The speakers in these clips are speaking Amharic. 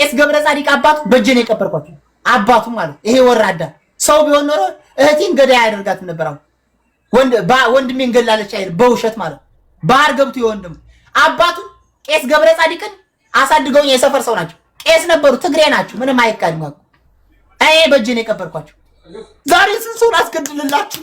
ቄስ ገብረ ጻዲቅ አባቱ በእጄን የቀበርኳቸው አባቱ ማለት ይሄ ወራዳ ሰው ቢሆን ኖሮ እህቴን ገዳይ አያደርጋትም ነበር። አሁን ወንድሜ እንገላለች አይደል? በውሸት ማለት ባህር ገብቶ የወንድም አባቱ ቄስ ገብረ ጻዲቅን አሳድገውኝ የሰፈር ሰው ናቸው። ቄስ ነበሩ፣ ትግሬ ናቸው። ምንም አይካድም። ይሄ በእጄን የቀበርኳቸው ዛሬ ስንት ሰውን አስገድልላችሁ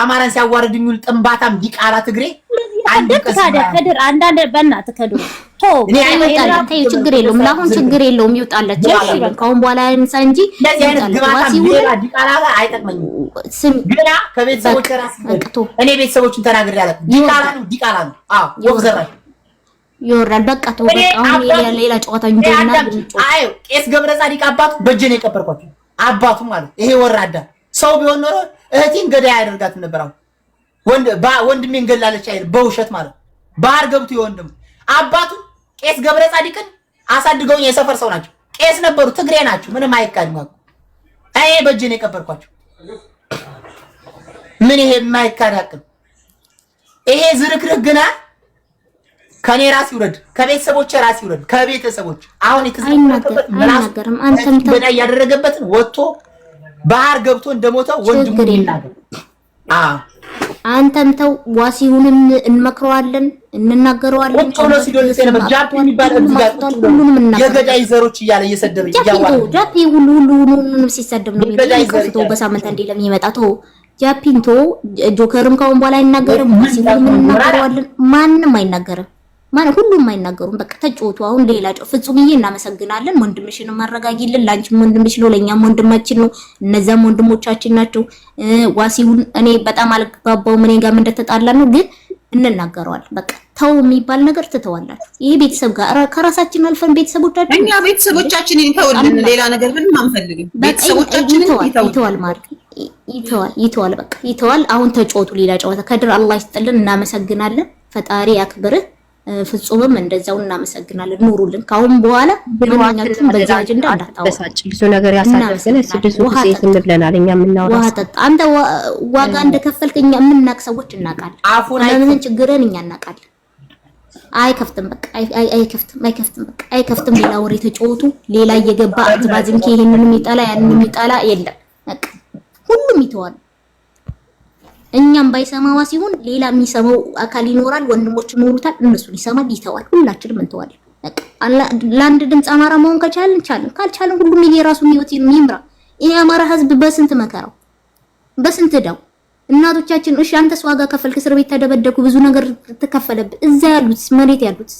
አማራን ሲያዋርድ የሚውል ጥንባታም ዲቃላ ትግሬ ከድር አንዳንድ በእናትህ ከድሮ ተይው፣ ችግር የለውም ለአሁን ችግር የለውም። ይውጣለች ከአሁን በኋላ ያንሳ እንጂ እኔ ቤተሰቦችን ይወራል። በቃ ሌላ ጨዋታ ቄስ ገብረ ጻዲቅ አባቱ በእጄ ነው የቀበርኳቸው አባቱ ማለት ይሄ ወራዳ ሰው ቢሆን ኖሮ እህቴን ገዳይ አያደርጋት ነበር። አሁን እንገላለች ገላለች በውሸት ማለት ባህር ገብቱ የወንድም አባቱ ቄስ ገብረ ጻዲቅን አሳድገውኝ የሰፈር ሰው ናቸው። ቄስ ነበሩ። ትግሬ ናቸው። ምንም አይካድም። አይ በእጄ ነው የቀበርኳቸው። ምን ይሄ የማይካድ አቅም ይሄ ዝርክርክ ግና ከኔ ራስ ይውረድ፣ ከቤተሰቦች ራስ ይውረድ። ከቤተሰቦች አሁን የተዘናበት ራስ በላይ ያደረገበትን ወጥቶ ባህር ገብቶ እንደሞተ ወንድሙ ይናገር። አንተም ተው ዋሲሁንም እንመክረዋለን፣ እንናገረዋለን። የገዳይ ዘሮች እያለ እየሰደበ ጃፒ ሁሉ ሁሉ ሁሉንም ሲሰደብ ነው የሚለው። በሳምንት አንዴ ለሚመጣ ተው ጃፒን ተው። ጆከርም ካሁን በኋላ አይናገርም፣ ዋሲሁንም እንናገረዋለን። ማንም አይናገርም። ማለት ሁሉም አይናገሩም። በቃ ተጫወቱ። አሁን ሌላ ጨው ፍጹምዬ፣ እናመሰግናለን። ወንድምሽን ማረጋጊልን። ለአንቺም ወንድምሽ ነው፣ ለእኛም ወንድማችን ነው። እነዚያም ወንድሞቻችን ናቸው። ዋሲሁን እኔ በጣም አልግባባውም እኔ ጋርም እንደተጣላ ነው፣ ግን እንናገረዋል። በቃ ተው የሚባል ነገር ትተዋላችሁ። ይሄ ቤተሰብ ጋር ከራሳችን አልፈን ቤተሰቦቻችን እኛ ቤተሰቦቻችን ይተውልን፣ ሌላ ነገር ምንም አንፈልግም። ቤተሰቦቻችን ይተዋል ማለት ይተዋል፣ ይተዋል፣ በቃ ይተዋል። አሁን ተጫወቱ ሌላ ጨዋታ። ከድር አላህ ይስጥልን። እናመሰግናለን። ፈጣሪ ያክብርህ። ፍጹምም እንደዚያው እናመሰግናለን። ኑሩልን። ካሁን በኋላ ምንኛቱም በዛ አጀንዳ እንዳታወቅ ብዙ ነገር ያሳለፍን ስድስት ጊዜ ዝም ብለናል። እኛ የምናወራ አንተ ዋጋ እንደከፈልክ እኛ የምናቅ ሰዎች እናውቃለን። አሁን ችግርን እኛ እናውቃለን። አይከፍትም በቃ አይከፍትም፣ አይከፍትም፣ በቃ አይከፍትም። ሌላ ወሬ ተጫወቱ። ሌላ እየገባ አትባዝንኪ። ይሄንን የሚጠላ ያንን የሚጠላ የለም። በቃ ሁሉም ይተዋል። እኛም ባይሰማዋ ሲሆን ሌላ የሚሰማው አካል ይኖራል። ወንድሞች ይኖሩታል። እነሱን ይሰማል፣ ይተዋል። ሁላችንም እንተዋለን። ለአንድ ድምፅ አማራ መሆን ከቻልን ቻልን፣ ካልቻልን ሁሉም የራሱን ህይወት ይምራ። ይሄ አማራ ህዝብ በስንት መከራው በስንት ደው እናቶቻችን እሺ፣ አንተስ ዋጋ ከፈልክ፣ እስር ቤት ተደበደኩ፣ ብዙ ነገር ተከፈለብ። እዛ ያሉት መሬት ያሉት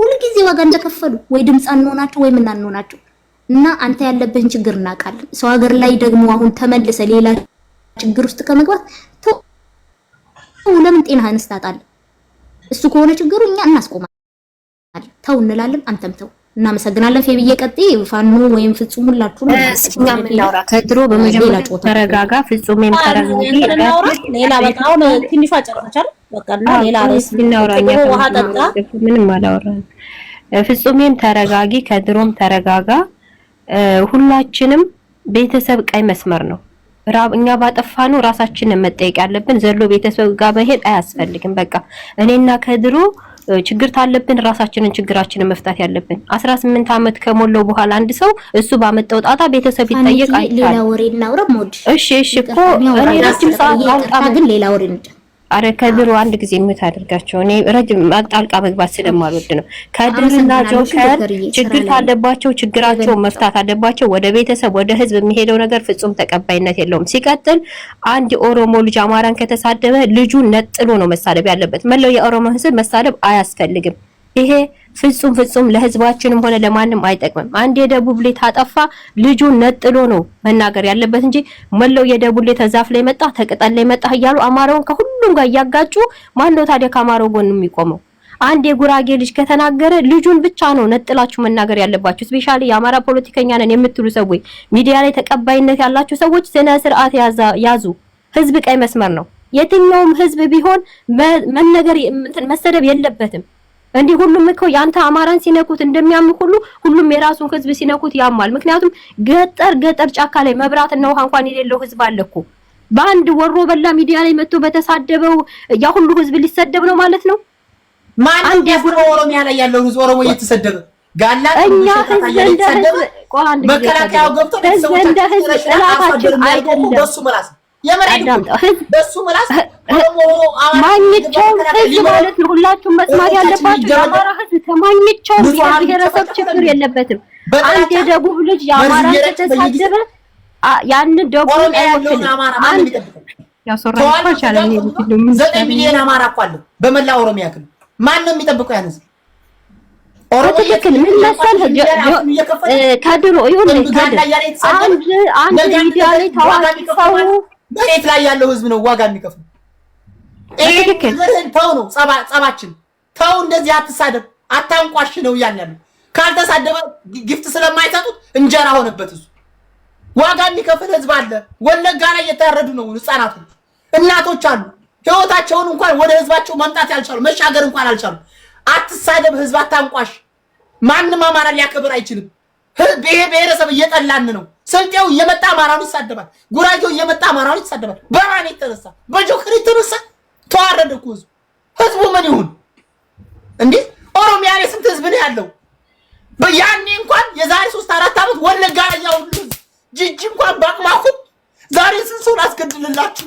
ሁልጊዜ ዋጋ እንደከፈሉ ወይ ድምፅ አንሆናቸው ወይ ምን አንሆናቸው እና አንተ ያለብህን ችግር እናውቃለን። ሰው ሀገር ላይ ደግሞ አሁን ተመልሰ ሌላ ችግር ውስጥ ከመግባት ተው ለምን ጤናህን ስታጣል? እሱ ከሆነ ችግሩ እኛ እናስቆማለን። ተው እንላለን፣ አንተም ተው። እናመሰግናለን። ፌብዬ ቀጥይ። ፋኖ ወይም ፍጹም ሁላችሁ ከድሮ በመጀመሪያ ተረጋጋ። ፍጹም ወይም ሌላ በጣም ትንሿ ጨርሳቻል። በቃ ሌላ ርዕስ ውሃ ጠጣ። ምንም አላወራንም። ፍጹሜም ተረጋጊ፣ ከድሮም ተረጋጋ። ሁላችንም ቤተሰብ ቀይ መስመር ነው። እኛ ባጠፋ ነው ራሳችንን መጠየቅ ያለብን። ዘሎ ቤተሰብ ጋር መሄድ አያስፈልግም። በቃ እኔና ከድሮ ችግር ታለብን ራሳችንን ችግራችንን መፍታት ያለብን። አስራ ስምንት ዓመት ከሞላው በኋላ አንድ ሰው እሱ ባመጣው ጣጣ ቤተሰብ ይጠየቃል። ሌላ ይጠየቅ አይታል። እሺ እሺ እኮ እኔ ረጅም ሰዓት ግን ሌላ ወሬ አረ ከድሩ አንድ ጊዜ ምት አድርጋቸው። እኔ ረጅም ጣልቃ መግባት ስለማልወድ ነው። ከድርና ጆከር ችግር ካለባቸው ችግራቸው መፍታት አለባቸው። ወደ ቤተሰብ ወደ ህዝብ የሚሄደው ነገር ፍጹም ተቀባይነት የለውም። ሲቀጥል አንድ የኦሮሞ ልጅ አማራን ከተሳደበ ልጁ ነጥሎ ነው መሳደብ ያለበት። መለው የኦሮሞ ህዝብ መሳደብ አያስፈልግም። ይሄ ፍጹም ፍጹም ለህዝባችንም ሆነ ለማንም አይጠቅምም። አንድ የደቡብ ሌ ታጠፋ ልጁን ነጥሎ ነው መናገር ያለበት እንጂ መለው የደቡብ ሌ ተዛፍ ላይ መጣ ተቅጠል ላይ መጣ እያሉ አማራውን ከሁሉም ጋር እያጋጩ ማን ነው ታዲያ ከአማራው ጎን የሚቆመው? አንድ የጉራጌ ልጅ ከተናገረ ልጁን ብቻ ነው ነጥላችሁ መናገር ያለባችሁ። ስፔሻሊ የአማራ ፖለቲከኛ ነን የምትሉ ሰዎች፣ ሚዲያ ላይ ተቀባይነት ያላችሁ ሰዎች ስነ ስርዓት ያዙ። ህዝብ ቀይ መስመር ነው። የትኛውም ህዝብ ቢሆን መነገር መሰደብ የለበትም። እንዲህ ሁሉም እኮ ያንተ አማራን ሲነኩት እንደሚያም ሁሉ ሁሉም የራሱን ህዝብ ሲነኩት ያማል። ምክንያቱም ገጠር ገጠር ጫካ ላይ መብራትና ውሃ እንኳን የሌለው ህዝብ አለ እኮ። በአንድ ወሮ በላ ሚዲያ ላይ መጥቶ በተሳደበው ያ ሁሉ ህዝብ ሊሰደብ ነው ማለት ነው። ማን አንድ ኦሮሚያ ላይ ያለው ህዝብ ኦሮሞ እየተሰደበ ጋላ እኛ ህዝብ መከላከያው ገብቶ ቤተሰቦቻችን ጠላታችን አይደለም በሱ መራስ ማግኘቸው ህዝብ ማለት ነው። ሁላችሁም መስማት ያለባችሁ የአማራ ህዝብ ከማግኘቸው ብሔረሰብ ችግር የለበትም። አንድ የደቡብ ልጅ የአማራ ተሳደበ፣ ያንን ደቡብ አይወክልም። ዘጠኝ ሚሊዮን አማራ እኮ አለ በመላ ኦሮሚያ ክልል። ማን ነው የሚጠብቀው ያን ህዝብ? ምን መሰለህ ከድሮ ይሁን አንድ አንድ ሚዲያ ላይ ታዋቂ ሰው መሬት ላይ ያለው ህዝብ ነው ዋጋ የሚከፍሉ። ተው ነው ጸባችን፣ ተው እንደዚህ አትሳደብ፣ አታንቋሽ ነው እያልን ያለው። ካልተሳደበ ግፍት ስለማይሰጡት እንጀራ ሆነበት። እሱ ዋጋ የሚከፍል ህዝብ አለ። ወለጋ ላይ እየታረዱ ነው ህፃናቱ፣ እናቶች አሉ። ህይወታቸውን እንኳን ወደ ህዝባቸው መምጣት ያልቻሉ መሻገር እንኳን አልቻሉ። አትሳደብ ህዝብ፣ አታንቋሽ። ማንም አማራ ሊያከብር አይችልም። ብሔር ብሔረሰብ እየጠላን ነው። ስልጤው እየመጣ አማራውን ይሳደባል። ጉራጌው እየመጣ አማራውን ይሳደባል። በማን የተነሳ በጆከር የተነሳ ተዋረደ እኮ ህዝቡ። ህዝቡ ምን ይሁን እንዴ? ኦሮሚያ ላይ ስንት ህዝብ ነው ያለው? በያኔ እንኳን የዛሬ ሶስት አራት ዓመት ወለጋ ያው ያው ጅጅ እንኳን ባቅማኩ ዛሬ ስንት ሰው አስገድልላችሁ?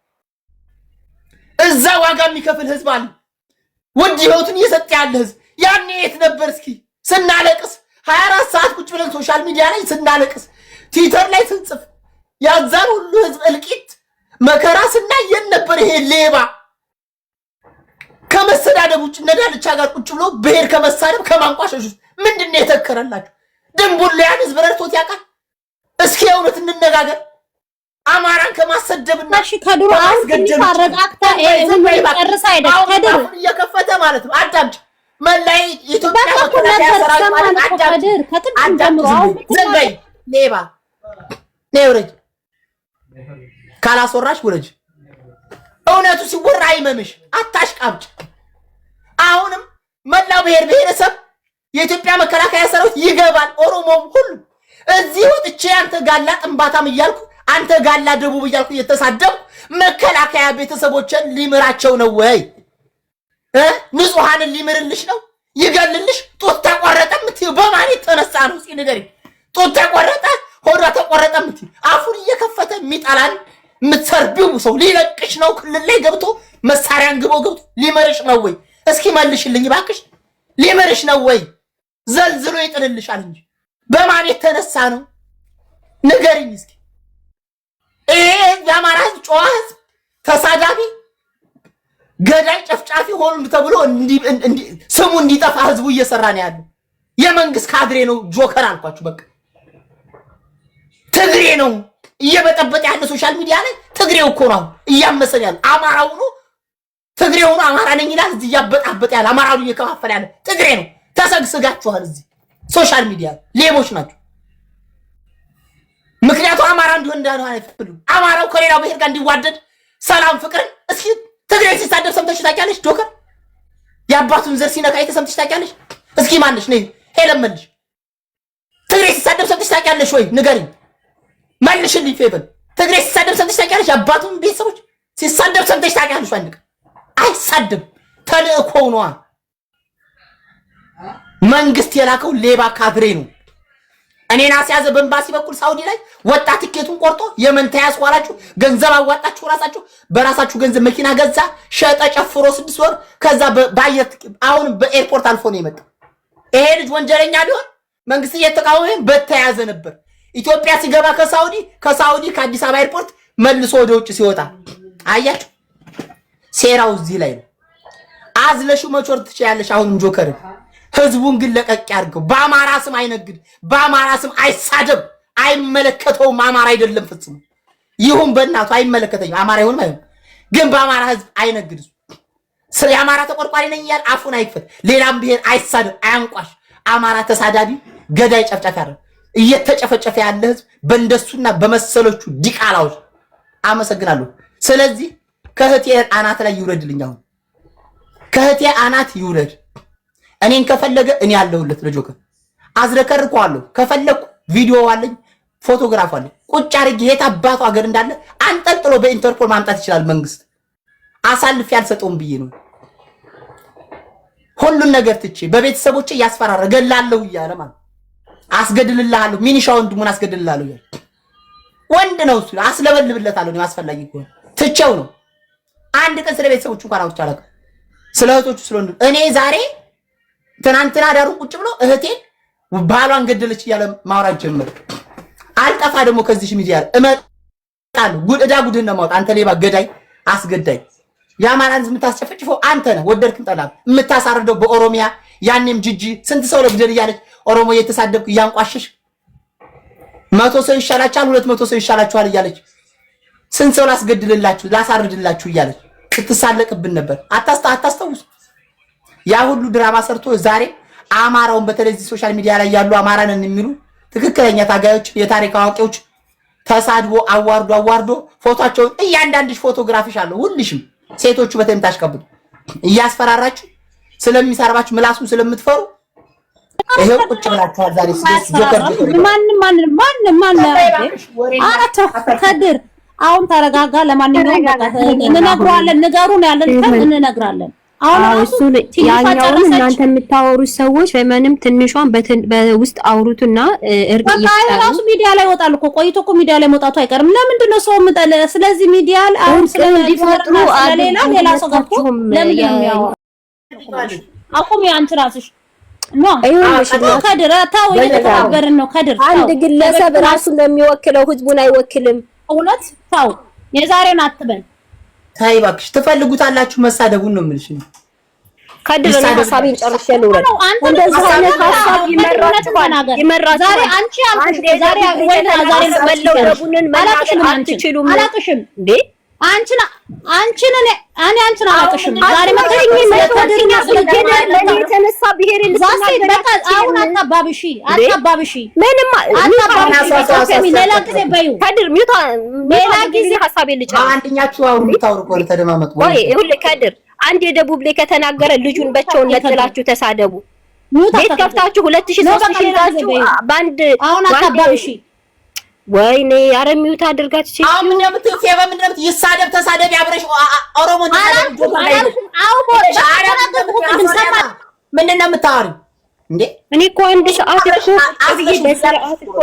እዛ ዋጋ የሚከፍል ህዝብ አለ። ውድ ህይወቱን እየሰጠ ያለ ህዝብ ያኔ የት ነበር? እስኪ ስናለቅስ ሀያ አራት ሰዓት ቁጭ ብለን ሶሻል ሚዲያ ላይ ስናለቅስ፣ ትዊተር ላይ ስንጽፍ ያዛን ሁሉ ህዝብ እልቂት መከራ ስናይ የት ነበር ይሄ ሌባ? ከመሰዳደብ ውጭ እነ ዳልቻ ጋር ቁጭ ብሎ ብሔር ከመሳደብ ከማንቋሸሽ ውስጥ ምንድን ነው የተከረላቸው? ድንቡላያን ህዝብ ረድቶት ያውቃል? እስኪ የእውነት እንነጋገር። አማራን ከማሰደብና ከድሮ አረጋግታ ጨርሳ አይደል እየከፈተ ማለት ነው። አዳምጭ መላይ ኢትዮጵያ መከላከያ ሰራዊት ማለት ዘንጋይ ሌባ ነይ ውረጅ፣ ካላስወራሽ ውረጅ። እውነቱ ሲወራ አይመምሽ፣ አታሽቃብጭ። አሁንም መላው ብሔር ብሔረሰብ የኢትዮጵያ መከላከያ ሰራዊት ይገባል። ኦሮሞም ሁሉ እዚህ ወጥቼ አንተ ጋላ ጥንባታም እያልኩ አንተ ጋላ ደቡብ እያልኩ እየተሳደብ መከላከያ ቤተሰቦችን ሊምራቸው ነው ወይ? ንጹሐንን ሊምርልሽ ነው? ይገልልሽ? ጡት ተቆረጠ እምትይው በማን የተነሳ ነው? እስኪ ንገሪኝ። ጡት ተቆረጠ፣ ሆዷ ተቆረጠ እምትይው አፉን እየከፈተ የሚጠላን የምትሰርቢው ሰው ሊለቅሽ ነው? ክልል ላይ ገብቶ መሳሪያን ግቦ ገብቶ ሊመርሽ ነው ወይ? እስኪ መልሽልኝ እባክሽ። ሊመርሽ ነው ወይ? ዘልዝሎ ይጥልልሻል እንጂ በማን የተነሳ ነው? ንገሪኝ እስኪ። ይሄ የአማራ ህዝብ ጨዋ ህዝብ ተሳዳቢ፣ ገዳይ፣ ጨፍጫፊ ሆኑ ተብሎ ስሙ እንዲጠፋ ህዝቡ እየሰራ ነው ያለው። የመንግስት ካድሬ ነው፣ ጆከር አልኳችሁ። በቃ ትግሬ ነው እየበጠበጠ ያለ ሶሻል ሚዲያ ላይ ትግሬው እኮ ነው እያመሰን ያለ አማራ ሆኖ ትግሬ ሆኖ አማራ ነኝ ይላል። እዚህ እያበጣበጠ ያለ አማራ እየከፋፈለ ያለ ትግሬ ነው። ተሰግስጋችኋል። እዚህ ሶሻል ሚዲያ ሌቦች ናቸው። ምክንያቱ አማራ እንዲሆን እንዳለ አይፈልጉም። አማራው ከሌላው ብሔር ጋር እንዲዋደድ ሰላም፣ ፍቅርን እስኪ ትግራይ ሲሳደብ ሰምተሽ ታውቂያለሽ? ዶክተር የአባቱን ዘር ሲነካ የተሰምተሽ ታውቂያለሽ? እስኪ ማንሽ ነ ሄለን መልሽ። ትግራይ ሲሳደብ ሰምተሽ ታውቂያለሽ ወይ ንገሪኝ፣ መልሽልኝ። ፌበል ትግራይ ሲሳደብ ሰምተሽ ታውቂያለሽ? አባቱን ቤተሰቦች ሲሳደብ ሰምተሽ ታውቂያለሽ? አንድ ቀን አይሳደብ ተልእኮው ነዋ። መንግስት የላከው ሌባ ካድሬ ነው። እኔን አስያዘ በኤምባሲ በኩል ሳውዲ ላይ ወጣ። ትኬቱን ቆርጦ የመን ተያዝኩ ገንዘብ አዋጣችሁ ራሳችሁ በራሳችሁ ገንዘብ መኪና ገዛ፣ ሸጠ፣ ጨፍሮ ስድስት ወር። ከዛ በአየር አሁን በኤርፖርት አልፎ ነው የመጣው። ይሄ ልጅ ወንጀለኛ ቢሆን መንግስት እየተቃወመ በተያዘ ነበር። ኢትዮጵያ ሲገባ ከሳውዲ ከሳውዲ ከአዲስ አበባ ኤርፖርት መልሶ ወደ ውጭ ሲወጣ አያችሁ። ሴራው እዚህ ላይ ነው። አዝለሹ መቾር ትችያለሽ። አሁንም ጆከርን ህዝቡን ግን ለቀቅ ያድርገው። በአማራ ስም አይነግድ፣ በአማራ ስም አይሳደብ። አይመለከተውም። አማራ አይደለም ፈጽሞ። ይሁን በእናቱ አይመለከተኝም። አማራ ይሁን አይሆን ግን በአማራ ህዝብ አይነግድ። ስለ የአማራ ተቆርቋሪ ነኝ እያለ አፉን አይክፈት። ሌላም ብሔር አይሳደብ፣ አያንቋሽ። አማራ ተሳዳቢ፣ ገዳይ፣ ጨፍጫፊ አለ። እየተጨፈጨፈ ያለ ህዝብ በእንደሱና በመሰሎቹ ዲቃላዎች። አመሰግናለሁ። ስለዚህ ከህቴ አናት ላይ ይውረድልኝ። አሁን አናት ይውረድ። እኔን ከፈለገ እኔ ያለሁለት ለጆከ አዝረከርኳለሁ። ከፈለግኩ ቪዲዮ አለኝ፣ ፎቶግራፍ አለኝ። ቁጭ አድርጌ የት አባቱ ሀገር እንዳለ አንጠልጥሎ በኢንተርፖል ማምጣት ይችላል መንግስት። አሳልፌ አልሰጠውም ብዬ ነው ሁሉን ነገር ትቼ በቤተሰቦቼ እያስፈራረ ገላለሁ እያለ ማለት አስገድልልሃለሁ፣ ሚኒሻ ወንድሙን አስገድልልሃለሁ እያለ ወንድ ነው እሱ። አስለበልብለታለሁ ነው አስፈላጊ ከሆነ ትቼው ነው። አንድ ቀን ስለ ቤተሰቦቹ እንኳን አውርቼ አላውቅም፣ ስለ እህቶቹ ስለወንድ እኔ ዛሬ ትናንትና ዳሩ ቁጭ ብሎ እህቴን ባሏን ገደለች እያለ ማውራት ጀመር። አልጠፋ ደግሞ ከዚህ ሚዲያ እመጣለሁ። እዳ ጉድህን ነው አንተ ሌባ ገዳይ፣ አስገዳይ የአማራን የምታስጨፈጭፈው አንተ ነህ። ወደድክም ጠላም የምታሳርደው በኦሮሚያ ያኔም ጅጂ ስንት ሰው ለግደል እያለች ኦሮሞ እየተሳደብክ እያንቋሸሽ መቶ ሰው ይሻላችኋል፣ ሁለት መቶ ሰው ይሻላችኋል እያለች ስንት ሰው ላስገድልላችሁ፣ ላሳርድላችሁ እያለች ስትሳለቅብን ነበር። አታስታውሱ ያ ሁሉ ድራማ ሰርቶ ዛሬ አማራውን በተለይ ሶሻል ሚዲያ ላይ ያሉ አማራ ነን የሚሉ ትክክለኛ ታጋዮች፣ የታሪክ አዋቂዎች ተሳድቦ አዋርዶ አዋርዶ ፎቶቸውን እያንዳንድሽ ፎቶግራፊሽ አለው ሁልሽም ሴቶቹ በተምታ አሽቀብጡ እያስፈራራችሁ ስለሚሰርባችሁ ምላሱን ስለምትፈሩ ይሄው ቁጭ ብላችኋል። ዛሬ ስደስ ጆከር ማን ማን ማን ማን ኧረ ከድር አሁን ተረጋጋ። ለማንኛውም እንነግረዋለን፣ ንገሩን ያለን እንነግራለን አሁን ያኛውን እናንተ የምታወሩት ሰዎች በምንም ትንሿን በውስጥ አውሩትና እርቅ ይጣሉ። ሚዲያ ላይ ወጣል እኮ ቆይቶ እኮ ሚዲያ ላይ መውጣቱ አይቀርም። ለምንድን ነው ሰው ምጠለ? ስለዚህ ሚዲያ ላይ አሁን ስለሚፈጥሩ ሌላ ሌላ ሰው ገብቶ ለምን የሚያወራ አቁም። ራስሽ ከድር ተው፣ ነው ከድር። አንድ ግለሰብ ህዝቡን አይወክልም። እውነት ተው፣ የዛሬን አትበል ተይ እባክሽ፣ ትፈልጉታላችሁ። መሳደቡን ነው የምልሽ። ከድበና ሀሳቤን ጨርሼ ልውረድ። እንደዚህ አይነት ሀሳብ ይመራችኋል፣ አንቺ ዛሬ ወይ ዛሬ መለወጡን አትችሉም። እንዴ አንቺን አንቺን እኔ አንቺን አላውቅሽም። ዛሬ የተነሳ ብሄር በቃ አሁን ሌላ ጊዜ ከድር ሌላ ጊዜ ሐሳቤ ልጫ አንደኛችሁ አሁን ምታውሩ ቆል ወይ ከድር አንድ የደቡብ ላይ ከተናገረ ልጁን በቸውን ነጥላችሁ ተሳደቡ። ቤት ከፍታችሁ ይዛችሁ አሁን ወይኔ ኔ ሚውት አድርጋችሁ ቼክ አሁን ምን ያምጥ ምን ያምጥ ይሳደብ ተሳደብ ያብረሽ ኦሮሞ ምንድን ነው የምታወሪው እንዴ? እኔ እኮ አንድ ሰዓት እኮ